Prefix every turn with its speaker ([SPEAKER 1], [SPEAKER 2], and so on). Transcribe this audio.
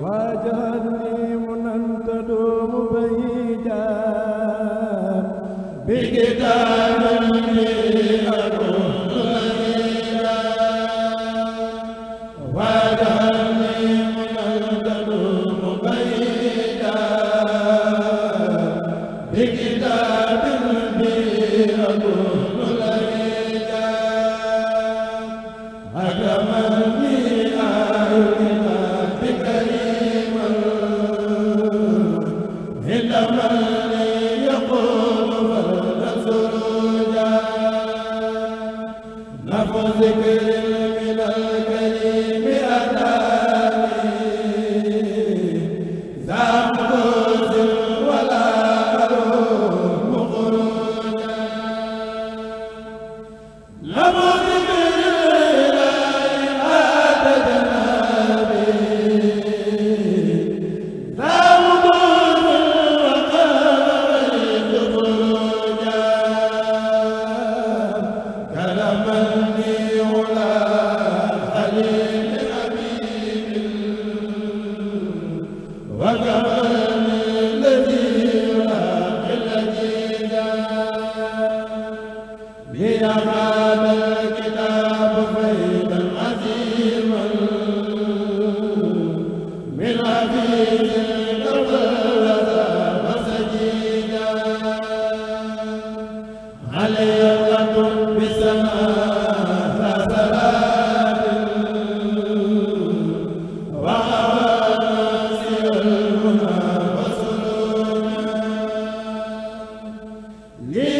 [SPEAKER 1] واجعلني من تدوم بعيدا بكتاب لي أكون Big yaa li